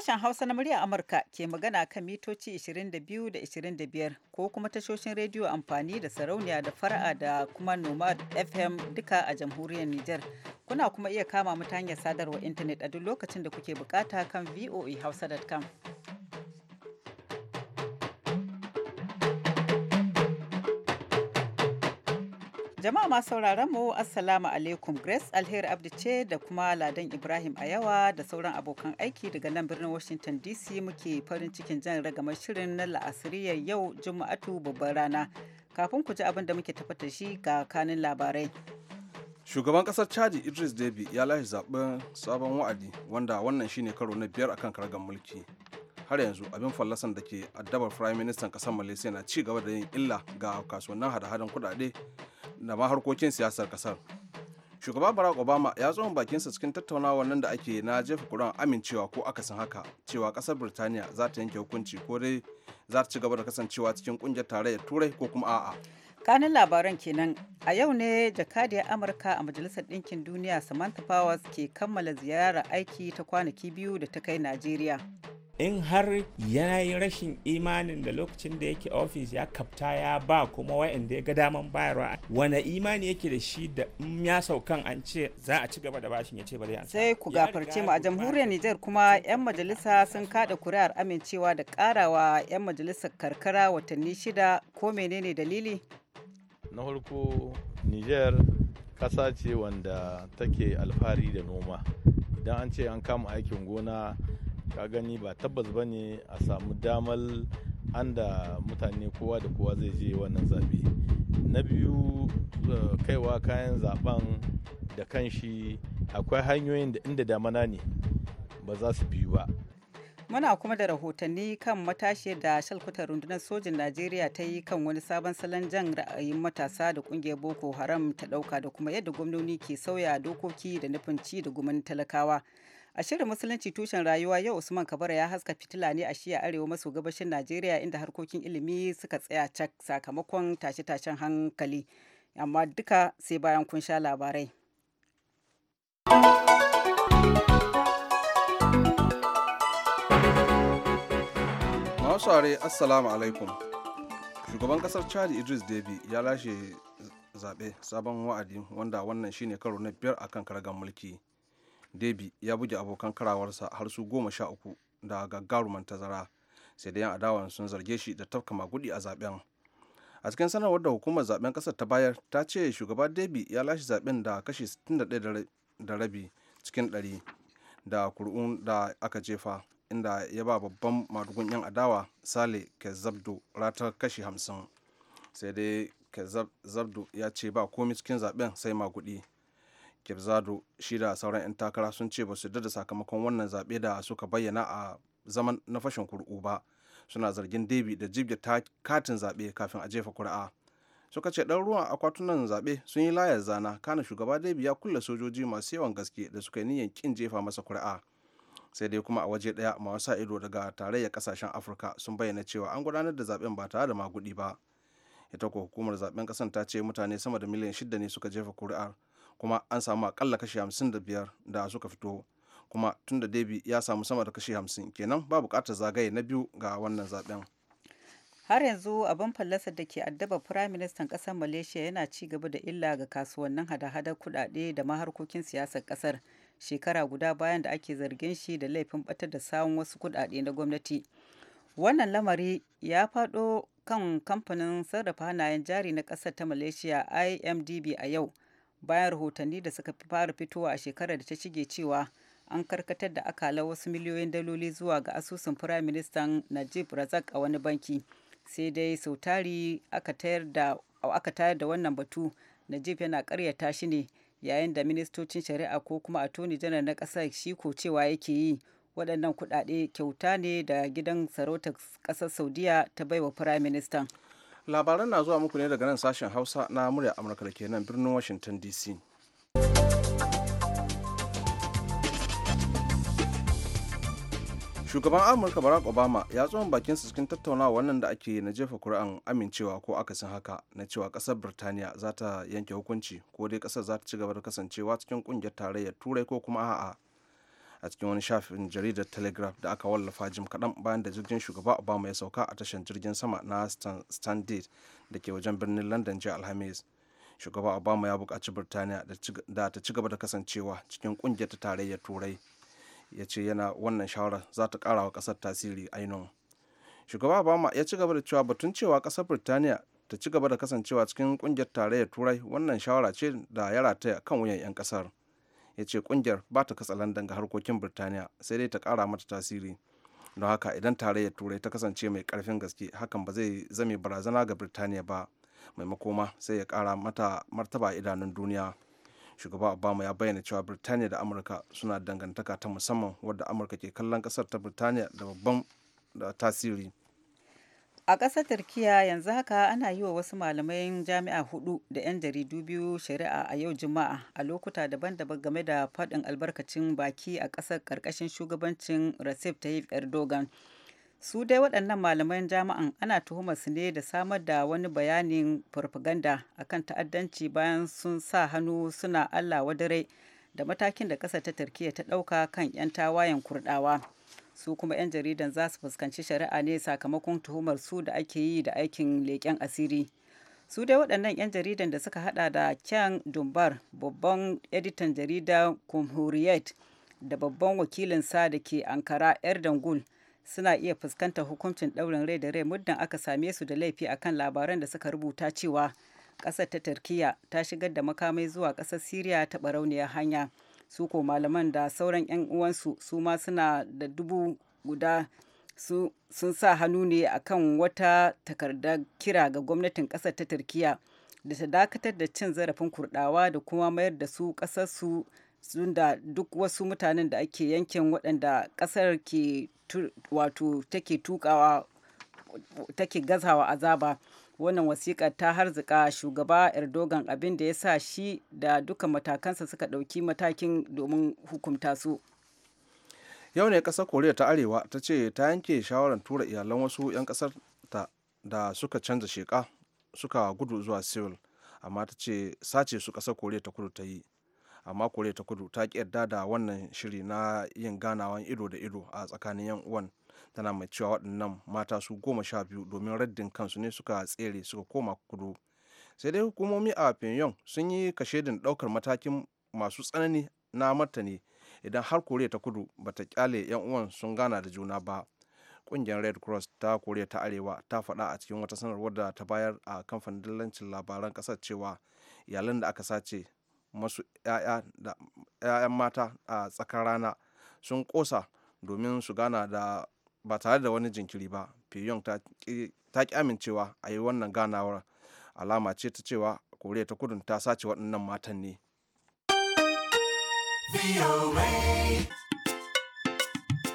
Sashen Hausa na murya Amurka ke magana kan mitoci 22 da 25 ko kuma tashoshin rediyo amfani da sarauniya da fara'a da kuma nomad FM duka a jamhuriyar Nijar. Kuna kuma iya kama mu ta hanyar sadarwa intanet a duk lokacin da kuke bukata kan voahausa.com. Jama'a ma sauraron mu Assalamu alaikum Grace Alheri Abdi ce da kuma Ladan Ibrahim Ayawa da sauran abokan aiki daga nan birnin Washington DC muke farin cikin jan ragamar shirin na la'asiriyar yau Juma'atu babbar rana. Kafin ku ji abin da muke tafata shi ga kanin labarai. Shugaban kasar Chadi Idris debi ya lashe zaben sabon wa'adi wanda wannan shine karo na biyar akan karagar mulki. har yanzu abin fallasan da ke addabar prime ministan kasar malaysia na ci gaba da yin illa ga kasuwannin hada-hadan kudade da ma harkokin siyasar kasar shugaba barack obama ya tsohon bakinsa cikin tattaunawar nan da ake na jefa kuran amincewa ko akasin haka cewa kasar birtaniya za ta yanke hukunci ko dai za ta ci gaba da kasancewa cikin kungiyar tarayyar turai ko kuma a'a kanin labaran kenan a yau ne jakadiyar amurka a majalisar ɗinkin duniya samantha powers ke kammala ziyarar aiki ta kwanaki biyu da ta kai najeriya in har ya yi rashin imanin da lokacin da yake ofis ya kapta ya ba kuma da ya ga daman bayarwa wane imani yake da shi da in ya saukan an ce za a ci gaba da bashin ya ce ba zai sai ku gafarce mu a jamhuriyar Nijar kuma yan majalisa sun kada kuri'ar amincewa da karawa yan majalisar karkara watanni shida ko menene dalili na farko Nijar kasa ce wanda take alfahari da noma idan an ce an kama aikin gona ka gani ba tabbas ba ne a samu damar an da mutane kowa da kowa zai je wannan zaɓe na biyu eh, kaiwa kayan zaben da kanshi akwai hanyoyin da inda damana ne ba za su biyu ba muna kuma da rahotanni kan matashi da shalkutar rundunar sojin najeriya ta yi kan wani sabon salon jan ra'ayin matasa da kungiyar boko haram ta dauka da kuma yadda gwamnoni ke sauya dokoki da nufin ci da gumin talakawa A shirin Musulunci tushen rayuwa yau Usman Kabara ya haska fitila ne a shiya arewa maso gabashin Najeriya inda harkokin ilimi suka tsaya cak sakamakon tashe-tashen hankali. Amma duka sai bayan kun sha labarai. Masuware Assalamu alaikum. Shugaban kasar Chad Idris Deby ya lashe zaɓe sabon wa'adi wanda wannan shine karo na biyar akan karagar mulki. debi ya buge abokan karawarsa har su goma sha uku da gagaruman tazara sai dai yan adawan sun zarge shi da tafka magudi a zaben a cikin sanarwar da hukumar zaben kasar ta bayar ta ce shugaba debi ya lashe zaben da kashi 61 da rabi cikin 100 da kur'un da aka jefa inda ya ba babban madugun yan adawa sale kezabdo ratar kashi 50 sai dai kezabdo ya ce ba komai cikin zaben sai magudi kirzado shi da sauran 'yan takara sun ce ba su yarda da sakamakon wannan zaɓe da suka bayyana a zaman na fashin kuri'u ba suna zargin debi da jibge ta katin zaɓe kafin a jefa kuri'a suka ce ɗan ruwan akwatunan zaɓe sun yi layar zana kana shugaba debi ya kulle sojoji masu yawan gaske da suka yi niyyar kin jefa masa kuri'a sai dai kuma a waje ɗaya masu ido daga tarayyar kasashen afirka sun bayyana cewa an gudanar da zaɓen ba tare da magudi ba ita ko hukumar zaɓen ƙasar ta ce mutane sama da miliyan shida ne suka jefa kuri'ar kuma an samu akalla kashi hamsin da biyar da suka fito kuma tun da debi ya samu sama da kashi hamsin kenan ba bukatar zagaye na biyu ga wannan zaben har yanzu abin fallasar da ke addaba firaministan kasar malaysia yana ci gaba da illa ga kasuwannin hada-hadar kudade da maharkokin siyasar kasar shekara guda bayan da ake zargin shi da laifin batar da sawun wasu kudade na gwamnati wannan lamari ya faɗo kan kamfanin sarrafa hannayen jari na ƙasar ta malaysia imdb a yau bayan rahotanni da suka fara fitowa a shekarar da ta shige cewa an karkatar da akalar wasu miliyoyin daloli zuwa ga asusun firayim ministan najib razak a wani banki sai dai sau tari aka tayar da wannan batu najib yana karyata shi ne yayin da ministocin shari'a ko kuma a attorney janar na kasa shi ko cewa yake yi waɗannan kuɗaɗe kyauta ne da gidan sarautar ƙasar saudiya ta baiwa firayim ministan labaran na zuwa muku ne daga nan sashen hausa na murya amurka da ke nan birnin washington dc shugaban amurka barack obama ya tsohon bakin cikin tattaunawa wannan da ake na jefa kuri'an amincewa ko akasin haka na cewa kasar birtaniya za ta yanke hukunci ko dai kasar za ta ci gaba da kasancewa cikin kungiyar tarayyar turai ko kuma a'a a cikin wani shafin jaridar telegraph da aka wallafa jim kaɗan bayan da jirgin shugaba obama ya sauka a tashar jirgin sama na standard da ke wajen birnin london jiya alhamis shugaba obama ya buƙaci birtaniya da ta ci gaba da kasancewa cikin ƙungiyar ta tarayyar turai ya ce yana wannan shawarar za ta ƙara wa ƙasar tasiri ainihin shugaba obama ya ci gaba da cewa batun cewa ƙasar birtaniya ta ci gaba da kasancewa cikin ƙungiyar tarayyar turai wannan shawara ce da ya rataya kan wuyan 'yan ƙasar ya ce kungiyar ba ta katsalandan ga harkokin birtaniya sai dai ta kara mata tasiri don haka idan tarayyar turai ta kasance mai karfin gaske hakan ba zai zame barazana ga birtaniya ba mai makoma sai ya kara mata martaba idanun duniya shugaba obama ya bayyana cewa birtaniya da amurka suna dangantaka ta musamman wadda amurka ke kallon kasar ta birtaniya da babban tasiri A ƙasar Turkiyya yanzu haka ana yi wa wasu malamai jami'a hudu da 'yan jaridu biyu shari'a a yau Juma'a a lokuta daban-daban game da faɗin albarkacin baki a ƙasar ƙarƙashin shugabancin Recep Tayyip Erdogan. Su dai waɗannan malaman jami'an ana tuhumar su ne da samar da wani bayanin farfaganda akan ta'addanci bayan sun sa hannu suna Allah wadare da matakin da ƙasar ta turkiya ta ɗauka kan 'yan tawayen Kurɗawa. su kuma 'yan jaridan za su fuskanci shari'a ne sakamakon tuhumar su da ake yi da aikin leƙen asiri su dai waɗannan 'yan jaridan da suka hada da kyan dumbar babban editan jarida kumhuriyet da babban wakilin sa da ke ankara dangul suna iya fuskantar hukuncin ɗaurin rai da rai muddin aka same su da laifi akan labaran da suka rubuta cewa ƙasar ta turkiya ta shigar da makamai zuwa ƙasar siriya ta barauniyar hanya su ko malaman da sauran 'yan uwansu su ma suna da dubu guda sun sa hannu ne akan wata takarda kira ga gwamnatin kasar ta turkiya da ta dakatar da cin zarafin kurdawa da kuma mayar da su ƙasarsu sun da duk wasu mutanen da ake yankin waɗanda ƙasar ke wato take tukawa take gazawa azaba wannan wasiƙa ta harzika shugaba erdogan abin da ya sa shi da duka matakansa suka ɗauki matakin domin hukunta su yau ne ƙasar koriya ta arewa ta ce ta yanke shawarar tura iyalan wasu 'yan ƙasar ta da suka canza sheka suka gudu zuwa seoul amma ta ce sace su ƙasar koriya ta kudu ta yi amma mako ta kudu ta yarda da wannan shiri na yin ganawan ido da ido a tsakanin yan uwan tana mai cewa waɗannan mata su goma sha biyu domin raddin kansu ne suka tsere suka koma kudu sai dai hukumomi a pyongyang sun yi kashedin ɗaukar matakin masu tsanani na martani idan har kore ta kudu bata kyale yan uwan sun gana da juna ba kungiyar red cross ta kore ta arewa ta faɗa a cikin wata sanarwar da ta bayar a kamfanin dillancin labaran ƙasar cewa iyalan da aka sace masu 'ya'yan mata a tsakar rana sun kosa domin su gana da ba tare da wani jinkiri ba pyongyang ta ki amincewa a yi wannan ganawar alama ce ta cewa koriya ta kudun ta sace waɗannan matan ne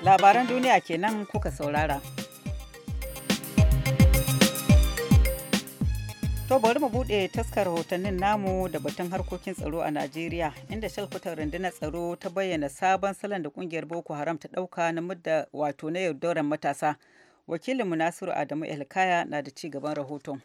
labaran duniya kenan kuka saurara To bari mu buɗe taskar rahotannin namu da batun harkokin tsaro a Najeriya inda shalkutar rundunar tsaro ta bayyana sabon salon da kungiyar Boko Haram ta ɗauka na mudda wato na yaudaran matasa. Wakilinmu Nasiru Adamu Elkaya na da ci gaban rahoton.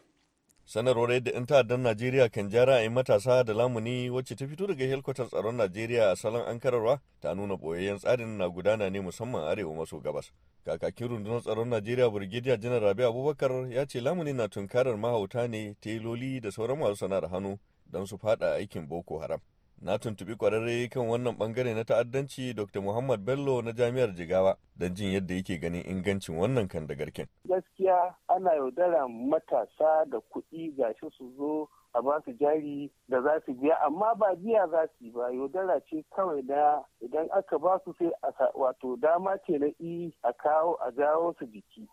sanarwar yadda 'yan ta'addar najeriya kan jara a matasa da lamuni wacce ta fito daga helkwatar tsaron najeriya a salon ankararwa ta nuna boyayyen tsarin na gudana ne musamman arewa maso gabas kakakin rundunar tsaron najeriya burgidiya janar rabi abubakar ya ce lamuni na tunkarar mahauta ne teloli da sauran masu sana'ar hannu don su fada aikin boko haram na tuntubi kwararre kan wannan bangare na ta'addanci dr muhammad bello na jami'ar jigawa don jin yadda yake ganin ingancin wannan kan da garken gaskiya ana yaudara matasa da kuɗi gashi su zo a ba su jari da za su biya amma ba biya za su yi ba yaudara ce kawai da idan aka ba su sai wato dama ce na i a kawo a jawo su jiki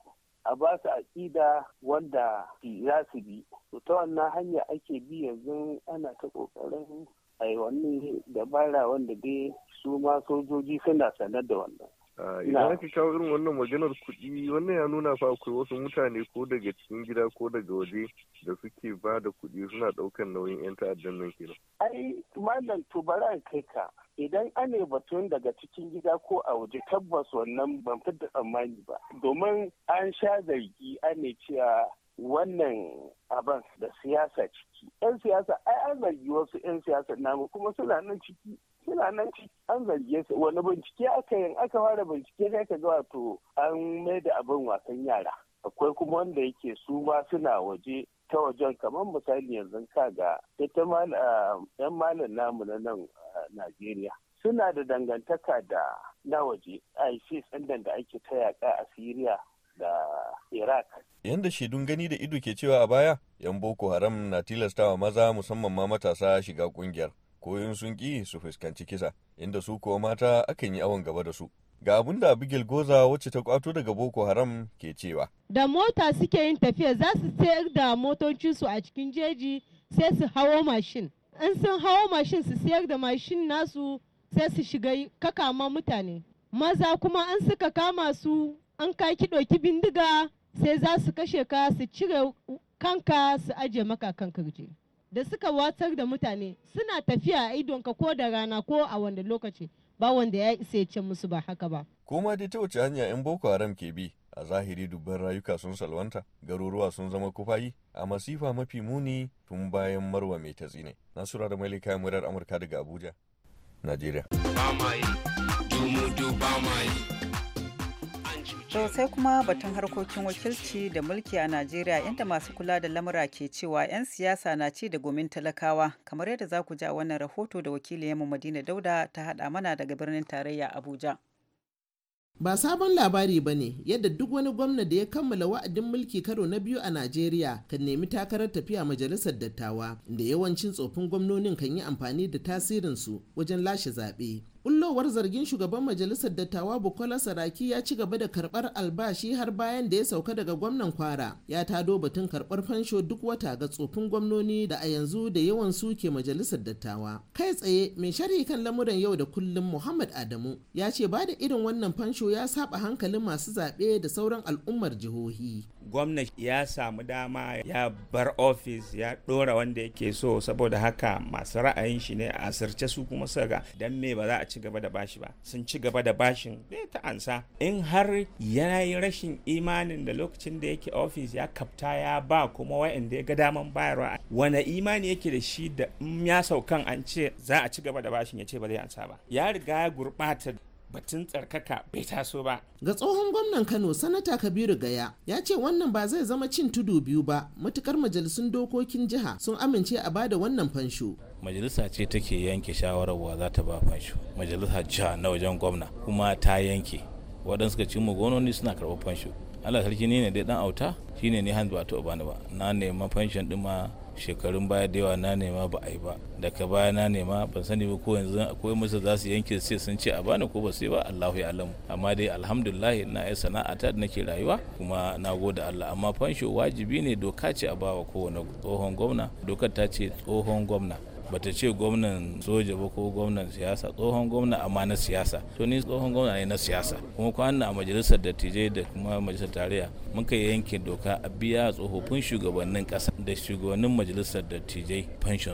a ba su aƙida wanda za su bi to ta wannan hanya ake bi yanzu ana ta ƙoƙarin a yi wannan dabara wanda dai su ma sojoji suna sanar da wannan Ah, idan aka kawo irin wannan maganar kuɗi wannan ya nuna fa akwai wasu mutane ko daga cikin gida ko daga waje da suke ba da kuɗi suna ɗaukan nauyin 'yan ta'addan nan kenan. ai malam to bara kai ka idan ane batun daga cikin gida ko a waje tabbas wannan ban fi da tsammani ba domin an sha zargi ane cewa wannan abin da siyasa ciki yan siyasa ai an zargi wasu yan siyasa namu kuma suna nan ciki suna nan an zarge su wani bincike aka yin aka fara bincike sai ka ga wato an mai da abin wasan yara akwai kuma wanda yake su ma suna waje ta wajen kamar misali yanzu ga ita ah, yan malam namu na nan ah, Najeriya suna da dangantaka da na waje ISIS ɗin da ake ta yaƙa a Siriya da Iraq. Yanda shaidun gani da ido ke cewa a baya, 'yan Boko Haram na tilastawa maza musamman ma matasa shiga ƙungiyar. koyon sun ƙi su fuskanci kisa inda su kuwa mata akan yi awon gaba da su ga abinda da abigail goza wacce ta kwato daga boko haram ke cewa da mota suke yin tafiya za su sayar da motocin su a cikin jeji sai su hawo mashin in sun hawo mashin su sayar da mashin nasu sai su shiga kakama mutane maza kuma an suka kama su an ka ki bindiga sai za su kashe ka su cire kanka su aje maka kan kirji da suka watsar da mutane suna tafiya a idonka ko da rana ko a wanda lokaci ba wanda ya isa ce musu ba haka ba. ma dai ta wace hanya 'yan Boko Haram ke bi a zahiri dubban rayuka sun salwanta garuruwa sun zama kufayi a masifa mafi muni tun bayan marwa mai ta ne. Nasura da mai kayan murar Amurka daga Abuja, Najeriya. Ba ma dumu ba ma To sai kuma batun harkokin wakilci da mulki a Najeriya inda masu kula da lamura ke cewa 'yan siyasa na ci da gomin talakawa kamar yadda za ku ji a wannan rahoto da wakiliyarmu Madina Dauda ta hada mana daga birnin tarayya Abuja. Ba sabon labari ba ne yadda duk wani gwamna da ya kammala wa'adin mulki karo na biyu a Najeriya kan nemi takarar tafiya majalisar dattawa da yawancin tsofin gwamnonin kan yi amfani da tasirinsu wajen lashe zaɓe. bullowar zargin shugaban majalisar dattawa bukola saraki ya ci gaba da karbar albashi har bayan da ya sauka daga gwamnan kwara ya tado batun karbar fansho duk wata ga tsofin gwamnoni da a yanzu da yawan su ke majalisar dattawa kai tsaye mai sharhi kan lamuran yau da kullum muhammad adamu ya ce ba da irin wannan fansho ya saba hankalin masu zaɓe da sauran al'ummar jihohi gwamna ya samu dama ya bar ofis ya dora wanda yake so saboda haka masu ra'ayin shi ne a asirce su kuma suka ga dan me ba za a ci gaba da bashi ba sun ci gaba da bashin zai ta ansa in har yana yi rashin imanin da lokacin da yake ofis ya kapta ya ba kuma wa'anda ya ga daman bayarwa wani imani yake da shi da in ya saukan an ce za a ci gaba da bashin ya ce ba zai ansa ba ya riga ya gurɓata batun tsarkaka bai taso ba. Ga tsohon gwamnan Kano sanata Kabiru Gaya ya ce wannan ba zai zama cin tudu biyu ba matukar majalisun dokokin jiha sun amince a bada wannan fansho. Majalisa ce take yanke shawarar wa za ta ba fansho. Majalisa jiha na wajen gwamna kuma ta yanke. Waɗansu suka cimma gononi suna karɓar fansho. Allah sarki ne ne dai dan auta shine ne hanzu ba ta bani ba. Na neman fanshon ɗin ma shekarun baya da yawa na nema ba a yi ba daga baya na nema ban sani ba ko yanzu akwai musu za su yanke sai sun ce a bani ko ba sai ba Allahu ya alamu amma dai alhamdulillah na yi sana'a ta da nake rayuwa kuma na goda Allah amma fansho wajibi ne doka ce a bawa kowane tsohon gwamna dokar ta ce tsohon gwamna bata ce gwamnan soja ba ko gwamnan siyasa tsohon gwamna amma na siyasa to ni tsohon gwamna ne na siyasa kuma kwanan a majalisar dattijai da kuma majalisar tarayya muka yanke doka a biya tsofaffin shugabannin kasa da shugabannin majalisar dattijai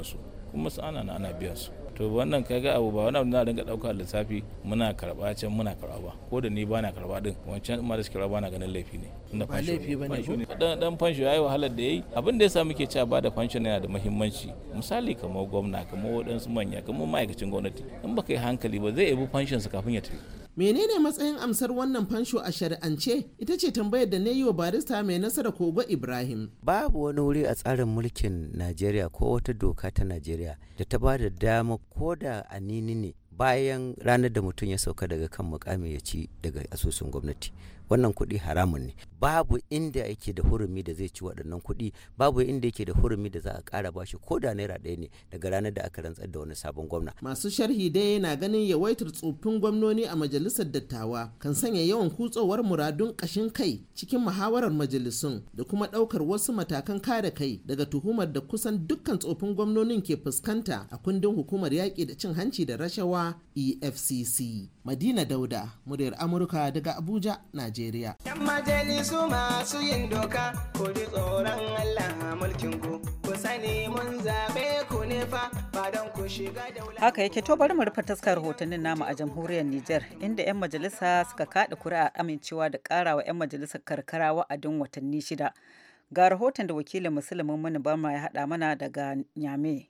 su kuma su ana ana biyan su to wannan kaga abu ba wani abu na dinga dauka lissafi muna karba can muna karba ba ko da ni ba na karba din wancan ma da suke karba na ganin laifi ne tunda ba laifi bane dan dan fansho yayi wahalar da yayi abin da yasa muke cewa ba da fansho yana da muhimmanci misali kamar gwamna kamar wadansu manya kamar ma'aikacin gwamnati in baka yi hankali ba zai bu fanshon su kafin ya tafi menene matsayin amsar wannan fansho a shari'ance ita ce tambayar da na yi wa barista mai nasara kogo ibrahim babu wani wuri a tsarin mulkin najeriya ko wata doka ta najeriya da ta ba da dama ko da anini ne bayan ranar da mutum ya sauka daga kan mukami ya ci daga asusun gwamnati wannan kuɗi haramun ne babu inda yake da hurumi da zai ci waɗannan kuɗi babu inda yake da hurumi da za a ƙara bashi ko da naira ɗaya ne daga ranar da aka rantsar da wani sabon gwamna masu sharhi dai yana ganin yawaitar tsofin gwamnoni a majalisar dattawa kan sanya yawan kutsowar muradun ƙashin kai cikin muhawarar majalisun da kuma ɗaukar wasu matakan kare kai daga tuhumar da kusan dukkan tsofin gwamnonin ke fuskanta a kundin hukumar yaƙi da cin hanci da rashawa efcc madina dauda muryar amurka daga abuja najeriya Najeriya. Yan majalisu masu yin doka, ku ji tsoron Allah mulkin ku, sani mun zaɓe ku ne fa, ba don ku shiga Haka yake to bari mu rufe taskar rahotannin namu a jamhuriyar Nijar, inda 'yan majalisa suka kaɗa kuri'a amincewa da ƙarawa 'yan majalisar karkara wa'adin watanni shida. Ga rahoton da wakilin musulmin mani ya haɗa mana daga Nyame.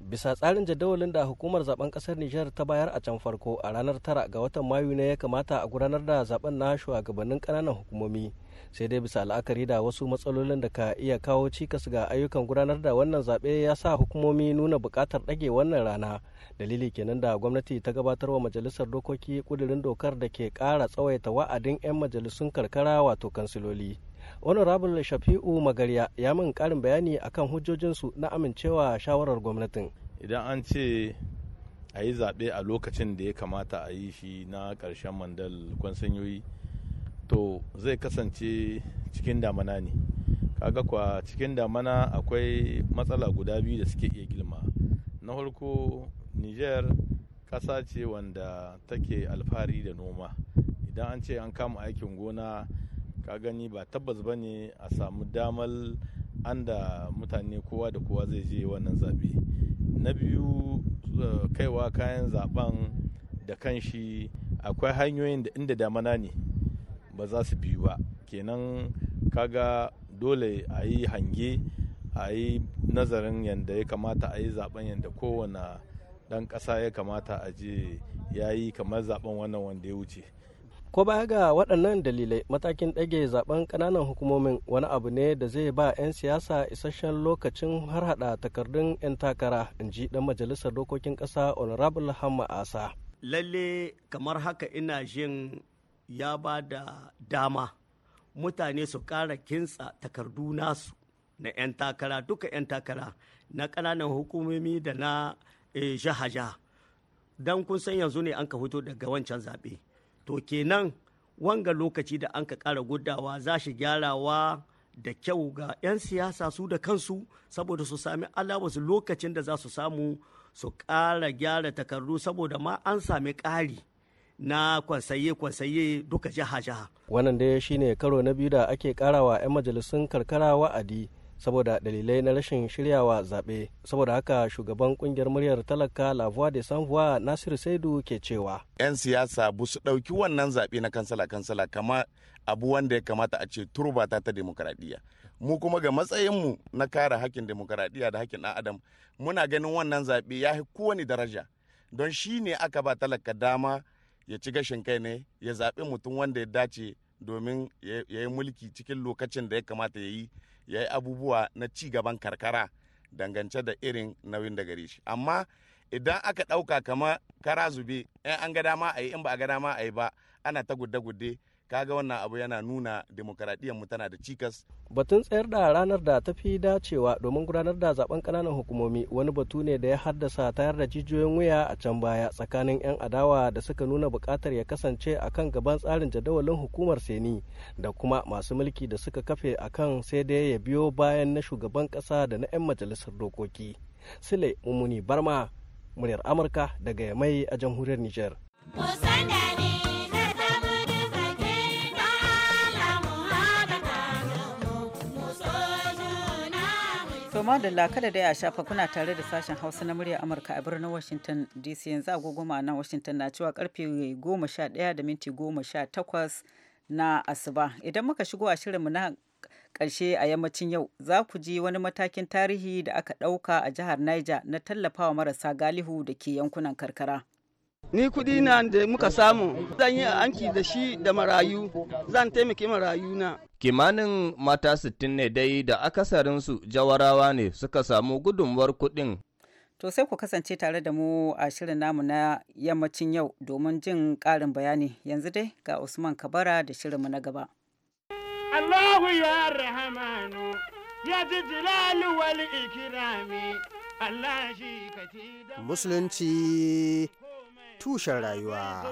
bisa tsarin jadawalin da hukumar zaben kasar Nijar ta bayar a can farko a ranar tara ga watan Mayu ne ya kamata a gudanar da zaben na shugabannin kananan hukumomi sai dai bisa la'akari da wasu matsalolin da ka iya kawo cikas ga ayyukan gudanar da wannan zaɓe ya sa hukumomi nuna buƙatar ɗage wannan rana dalili kenan da gwamnati ta gabatar wa majalisar dokoki ƙudurin dokar da ke ƙara tsawaita wa'adin 'yan majalisun karkara wato kansiloli honorable shafi'u magarya ya min karin bayani akan hujjojinsu na amincewa shawarar gwamnatin idan an ce a yi zaɓe a lokacin da ya kamata a yi shi na ƙarshen mandal kwansanyoyi to zai kasance cikin damana ne kaga kwa cikin damana akwai matsala guda biyu da suke iya gilma na farko niger ƙasa ce wanda take alfahari da noma idan an ce an kama aikin gona ka gani ba tabbas ba ne a samu damar an da mutane kowa da kowa zai je wannan zaɓe na biyu eh, kaiwa kayan zaɓen da kan shi akwai hanyoyin da inda damana ne ba za su biyu ba kenan kaga dole a yi hange a yi nazarin yadda ya kamata a yi zaben yadda kowane ɗan ƙasa ya kamata a je ya yi kamar zaben wannan wanda ya wuce Ko baya ga waɗannan dalilai matakin ɗage zaben ƙananan hukumomin wani abu ne da zai ba 'yan siyasa isasshen lokacin har hada takardun 'yan takara in ji ɗan majalisar dokokin ƙasa honorable hamma asa. Lalle kamar haka ina jin ya ba da dama mutane su ƙara kintsa takardu nasu na 'yan takara duka 'yan takara na ƙananan hukumomi da na eh, jaha-jaha don kun san yanzu ne an ka fito daga wancan zaɓe to kenan wanga lokaci da an ka ƙara gudawa za shi gyarawa da kyau ga 'yan siyasa su da kansu saboda su sami alawarsu lokacin da za su samu su ƙara gyara takardu saboda ma an sami kari na kwasaye-kwasaye duka jiha-jiha. Wannan dai shine karo na biyu da ake karawa 'yan majalisun karkara wa'adi saboda dalilai na rashin shiryawa zaɓe saboda haka shugaban kungiyar muryar talaka lavuwa de sanvuwa nasiru saidu ke cewa 'yan siyasa bu su ɗauki wannan zaɓe na kansala kansala kama abu wanda ya kamata a ce turbata ta demokradiyya mu kuma ga matsayinmu na kare hakkin demokradiyya da hakkin ɗan adam muna ganin wannan zaɓe ya fi kowane daraja don shi ne aka ba talaka dama ya ci gashin kai ne ya zaɓi mutum wanda ya dace domin ya yi mulki cikin lokacin da ya kamata ya yi ya yi abubuwa na ci gaban karkara dangance da irin nauyin da gare shi amma idan aka ɗauka kama kara zube in an ga dama a yi in ba a ga dama a yi ba ana ta gudde-gudde kaga wannan abu yana nuna demokaradiyyar mu tana da cikas batun tsayar da ranar da ta fi dacewa domin gudanar da zaben kananan hukumomi wani batu ne da ya haddasa tayar da jijiyoyin wuya a can baya tsakanin yan adawa da suka nuna bukatar ya kasance akan gaban tsarin jadawalin hukumar seni da kuma masu mulki da suka kafe akan sai dai ya biyo bayan na shugaban kasa da na 'yan majalisar dokoki sile mummuni barma muryar amurka daga mai a jamhuriyar niger da lakada da ya shafa kuna tare da sashen hausa na murya amurka a birnin washington dc yanzu agogo nan washington na cewa karfe 11 da minti 18 na asuba idan muka shigo a shirinmu na karshe a yammacin yau za ku ji wani matakin tarihi da aka ɗauka a jihar niger na tallafawa marasa galihu da ke yankunan karkara ni kudi na da muka samu zan yi anki da shi da marayu zan taimaki marayu na kimanin mata sittin ne dai da akasarinsu jawarawa ne suka samu gudunmuwar kudin to sai ku kasance tare da mu a shirin namu na yammacin yau domin jin karin bayani yanzu dai ga usman kabara da shirin mu na gaba Allahu ya rahamanu ya ji wal ikirami Allah shi ka Musulunci tushen rayuwa.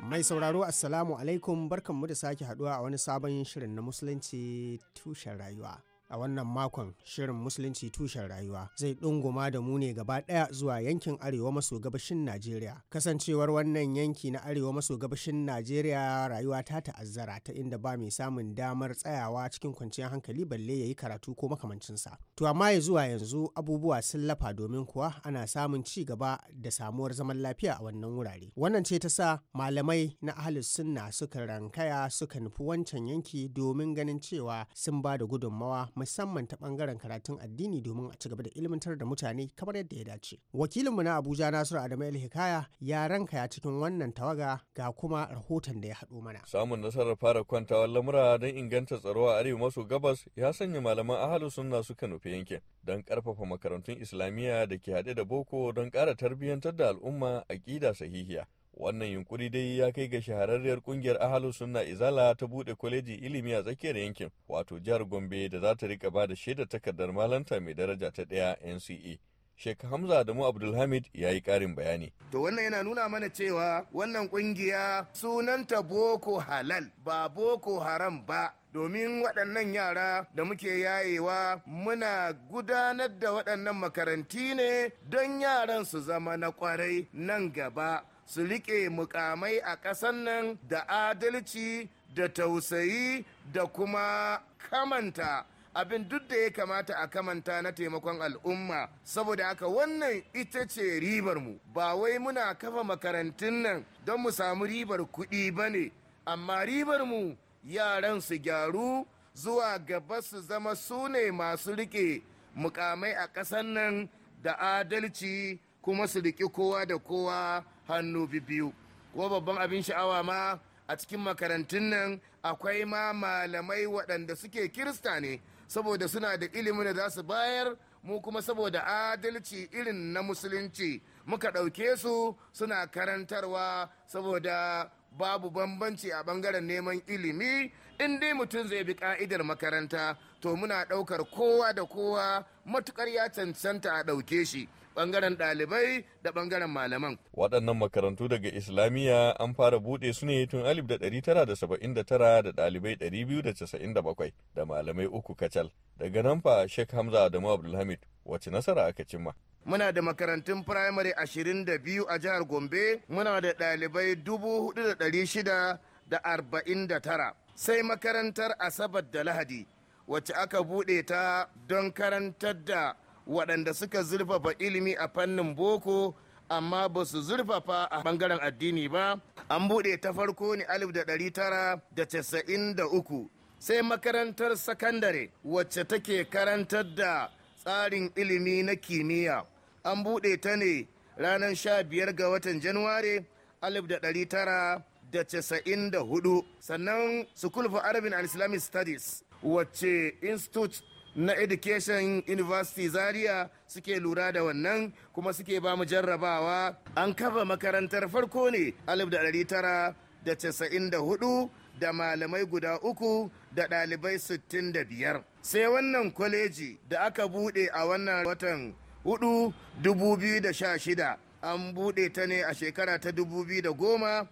Mai sauraro Assalamu alaikum barkanmu da sake haduwa a wani sabon shirin na Musulunci tushen rayuwa. a wannan makon shirin musulunci tushen rayuwa zai ɗunguma da mu ne gaba ɗaya zuwa yankin arewa maso gabashin najeriya kasancewar wannan yanki na arewa maso gabashin najeriya rayuwa ta ta'azzara ta inda ba mai samun damar tsayawa cikin kwanciyar hankali balle ya yi karatu ko makamancinsa to amma ya zuwa yanzu abubuwa sun lafa domin kuwa ana samun ci gaba da samuwar zaman lafiya a wannan wurare wannan ce ta sa malamai na ahalus sunna suka rankaya suka nufi wancan yanki domin ganin cewa sun ba da gudunmawa musamman ta bangaren karatun addini domin a ci gaba da ilmantar da mutane kamar yadda ya dace. Wakilinmu na Abuja Nasiru Adamu El Hikaya ya ranka ya cikin wannan tawaga ga kuma rahoton da ya haɗo mana. Samun nasarar fara kwantawa lamura don inganta tsaro a arewa maso gabas ya sanya malaman ahalu sunna suka nufi yankin don karfafa makarantun islamiyya da ke haɗe da boko don ƙara tarbiyyantar da al'umma aƙida sahihiya. wannan yunkuri dai ya kai ga shahararriyar kungiyar ahalu sunna izala ta bude kwaleji ilimi a tsakiyar yankin wato jihar gombe da za ta rika ba da shaidar takardar malanta mai daraja ta daya nce Sheikh Hamza Adamu Abdulhamid ya yi ƙarin bayani. To wannan yana nuna mana cewa wannan ƙungiya sunanta Boko Halal ba Boko Haram ba domin waɗannan yara da muke yayewa muna gudanar da waɗannan makaranti ne don yaran su zama na ƙwarai nan gaba. su riƙe mukamai a ƙasan nan da adalci da tausayi da kuma kamanta abin duk da ya kamata a kamanta na taimakon al'umma saboda haka wannan ita ce ribar mu ba wai muna kafa makarantun nan don mu samu ribar kuɗi ba ne amma ribar mu yaran su gyaru zuwa gaba su zama su ne masu riƙe mukamai a ƙasan nan da adalci kuma su riƙi kowa da kowa hannu biyu kuma babban abin sha'awa ma a cikin makarantun nan akwai ma malamai waɗanda suke kirista ne saboda suna da ilimin da za su bayar mu kuma saboda adalci irin na musulunci muka ɗauke su suna karantarwa saboda babu bambanci a bangaren neman ilimi in dai mutum zai bi ka'idar makaranta to muna ɗaukar kowa da kowa matukar ya cancanta a ɗauke shi bangaren ɗalibai da bangaren malaman. Waɗannan makarantu daga Islamiyya an fara buɗe su ne tun 1979 da ɗalibai 297 da malamai uku kacal. Daga nan fa Sheikh Hamza Adamu Abdulhamid wace nasara aka cimma. Muna da makarantun firamare 22 a jihar Gombe, muna da ɗalibai 4,649. Sai makarantar Asabar da Lahadi, wacce aka buɗe ta don karantar da waɗanda suka zurfafa ilimi a fannin boko amma ba su zurfafa a ɓangaren addini ba an buɗe ta farko ne 1993 sai makarantar sakandare wacce take karantar da tsarin ilimi na kimiyya an buɗe ta ne ranar sha biyar ga watan januware 1994 sannan sukul for arabin and islamic studies wacce institute na education university zaria suke lura da wannan kuma suke ba mu jarrabawa an kafa makarantar farko ne 1994 da malamai guda uku da ɗalibai 65 sai wannan kwaleji da aka bude a wannan watan 4 2016 an buɗe ta ne a shekara ta 2010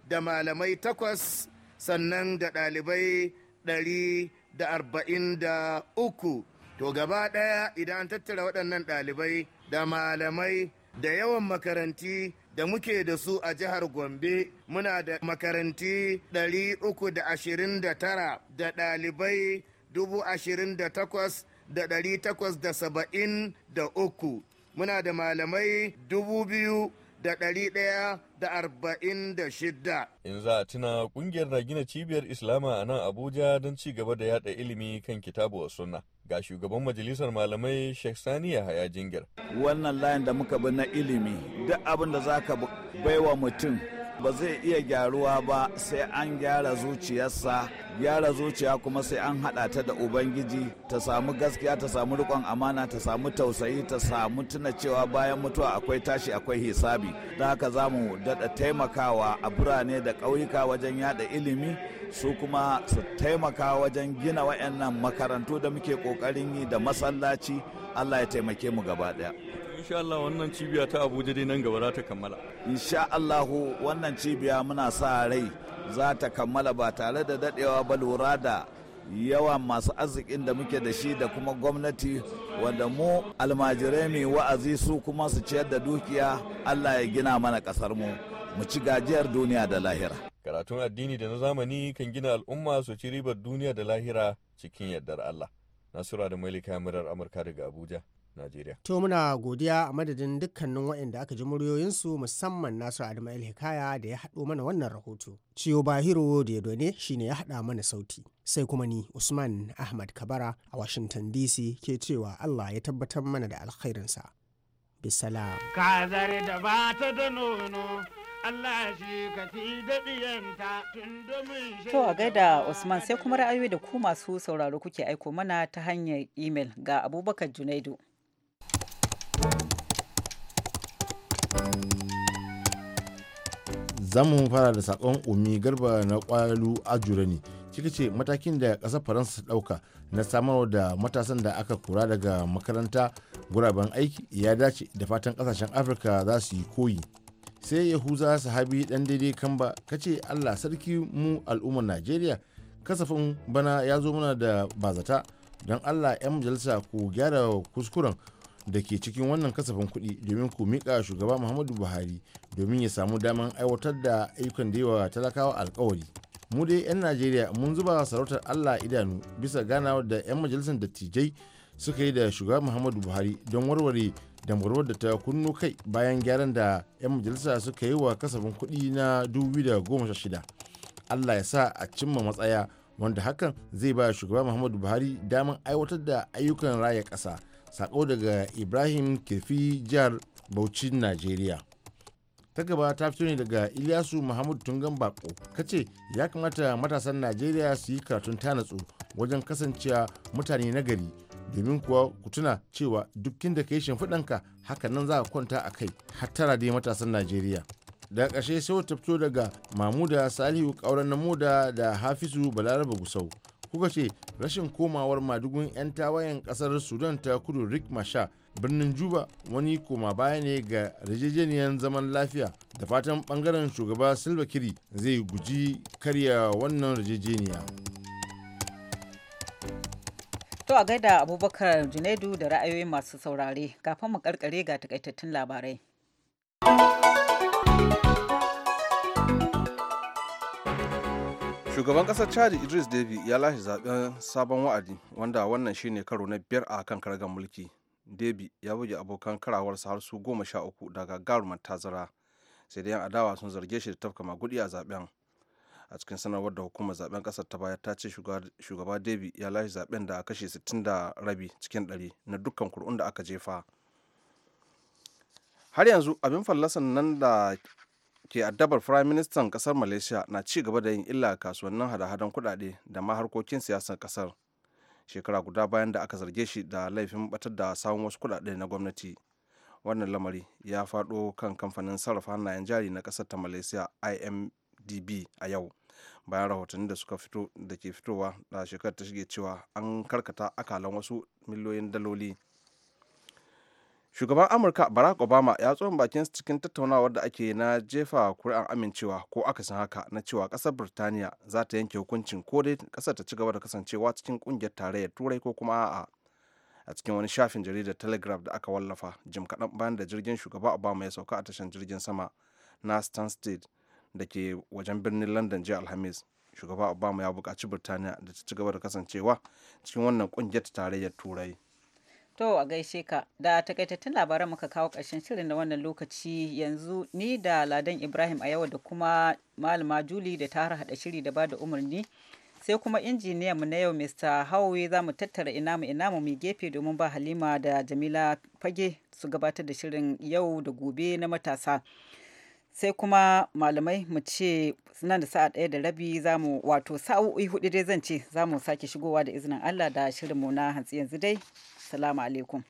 da malamai takwas sannan da ɗalibai uku. to gaba ɗaya idan an tattara waɗannan ɗalibai da malamai da yawan makaranti da muke da su a jihar Gombe muna da makaranti 329 da ɗalibai 28,873 muna da malamai 2,000 da ɗari ɗaya da arba'in da shida. In za a tuna kungiyar na gina cibiyar Islama a nan Abuja don ci gaba da yada ilimi kan kitabu wa sunna. ga shugaban majalisar malamai Sheikh Sani haya Jingir. Wannan layin da muka bi na ilimi duk abin da za ka baiwa mutum ba zai iya gyaruwa ba sai an gyara zuciyarsa gyara zuciya kuma sai an haɗa ta da ubangiji ta samu gaskiya ta samu riƙon amana ta samu tausayi ta samu tuna cewa bayan mutuwa akwai tashi akwai hisabi da haka za mu daɗa taimakawa a birane da ƙauyuka wajen yada ilimi su kuma su taimaka wajen gina wayannan makarantu da muke ƙoƙarin yi da masallaci allah ya taimake mu gaba ɗaya insha Allah wannan cibiya ta Abuja dai nan gaba za ta kammala insha Allah wannan cibiya muna sa rai za ta kammala ba tare da dadewa ba lura da yawa masu arzikin da muke da shi da kuma gwamnati wanda mu almajirai mai wa'azi su kuma su ciyar da dukiya Allah ya gina mana kasar mu mu ci gajiyar duniya da lahira karatun addini da na zamani kan gina al'umma su ci ribar duniya da lahira cikin yardar Allah Nasura da Malika Murar Amurka daga Abuja Najeriya. To muna godiya a madadin dukkanin waɗanda aka ji muryoyinsu musamman nasu Adamu Hikaya da ya haɗo mana wannan rahoto. Ciyo Bahiro shi shine ya haɗa mana sauti. Sai kuma ni Usman Ahmad Kabara a Washington DC ke cewa Allah ya tabbatar mana da alkhairinsa. Bisalam. Kazar da ba da nono Allah shi ka fi daɗiyanta tun To a gaida Usman sai kuma ra'ayoyi da ku masu sauraro kuke aiko mana ta hanyar imel ga Abubakar Junaidu. zamu fara da sakon umi garba na kwalu ajura ne ciki ce matakin da ƙasar faransa ta ɗauka na samar da matasan da aka kura daga makaranta guraben aiki ya dace da fatan ƙasashen afirka za su yi koyi sai yahuza sahabi ɗan daidai kamba ce allah sarki mu al'ummar najeriya kasafin bana ya zo mana da bazata don allah 'yan majalisa ku gyara kuskuren da ke cikin wannan kasafin kuɗi domin ku miƙa shugaba muhammadu buhari domin ya samu daman aiwatar da ayyukan da yawa talakawa alkawari mu dai 'yan najeriya mun zuba sarautar allah idanu bisa ganawar da 'yan majalisar dattijai suka yi da shugaba muhammadu buhari don warware da murwar da ta kunno kai bayan gyaran da 'yan majalisa suka yi wa kasafin kuɗi na shida. allah ya sa a cimma matsaya wanda hakan zai ba shugaba muhammadu buhari daman aiwatar da ayyukan raya ƙasa sako daga ibrahim kefi jihar bauchi najeriya ta gaba ta fito ne daga ilyasu muhammadu tungan bako kace ya kamata matasan najeriya su yi karatun tanatsu wajen kasancewa mutane na gari domin kuwa ku tuna cewa dukkin da ka yi shimfiɗanka hakanan za a kwanta a kai hattara dai matasan najeriya da ƙarshe sai wata fito daga mamuda salihu ƙauren namuda da hafizu balaraba gusau kuka ce rashin komawar madugun 'yan tawayen kasar sudan ta kudu rick masha birnin juba wani koma baya ne ga yarjejeniyar zaman lafiya da fatan bangaren shugaba silva kiri zai guji karya wannan yarjejeniya to a gaida abubakar junaidu da ra'ayoyin masu saurare kafin mu karkare ga takaitattun labarai shugaban kasar chad idris deby ya lashe zaben sabon wa'adi wanda wannan shine karo na biyar a kan karagar mulki deby ya buge abokan karawarsa har su goma sha uku daga gagarumar tazara sai dai yan adawa sun zarge shi da tafka magudi a zaben a cikin sanarwar da hukumar zaben kasar ta bayar ta ce shugaba debi ya lashe zaben da kashe sittin da rabi cikin 100 na dukkan kur'un da aka jefa har yanzu abin fallasan nan da ke addabar firaministan kasar malaysia na ci gaba da yin illa kasuwannin hada-hadan kudade da ma harkokin siyasar kasar shekara guda bayan da aka zarge shi da laifin batar da samun wasu kudade na gwamnati wannan lamari ya fado kan kamfanin sarrafa hannayen jari na kasar ta malaysia imdb a yau bayan rahotanni da suka fito da ke fitowa da shekarar ta shige cewa an karkata akalan wasu miliyoyin daloli shugaban amurka barack obama ya tsohon bakin cikin tattaunawar da ake na jefa kuri'an amincewa ko akasin haka na cewa kasar birtaniya za ta yanke hukuncin ko dai kasar ta ci gaba da kasancewa cikin kungiyar tarayyar turai ko kuma a'a a cikin wani shafin jaridar telegraph da aka wallafa jim kaɗan bayan da jirgin shugaban obama ya sauka a tashar jirgin sama na stansted da ke wajen birnin london jiya alhamis shugaban obama ya buƙaci birtaniya da ta ci gaba da kasancewa cikin wannan kungiyar tarayyar turai To a gaishe ka da takaitattun labaran muka kawo ƙarshen shirin na wannan lokaci yanzu ni da Ladan Ibrahim a yau da kuma Malama Juli da ta haɗa shiri da bada umarni sai kuma injiniya mu na yau Mr. Hauwe, za mu tattara ina mu ina mu gefe domin ba Halima da Jamila Fage su gabatar da shirin yau da gobe na matasa. sai kuma malamai mu ce nan da sa'a ɗaya da rabi za mu wato sa'o'i hudu dai zan ce za mu sake shigowa da izinin Allah da shirinmu na hantsi yanzu dai Salamu alaikum.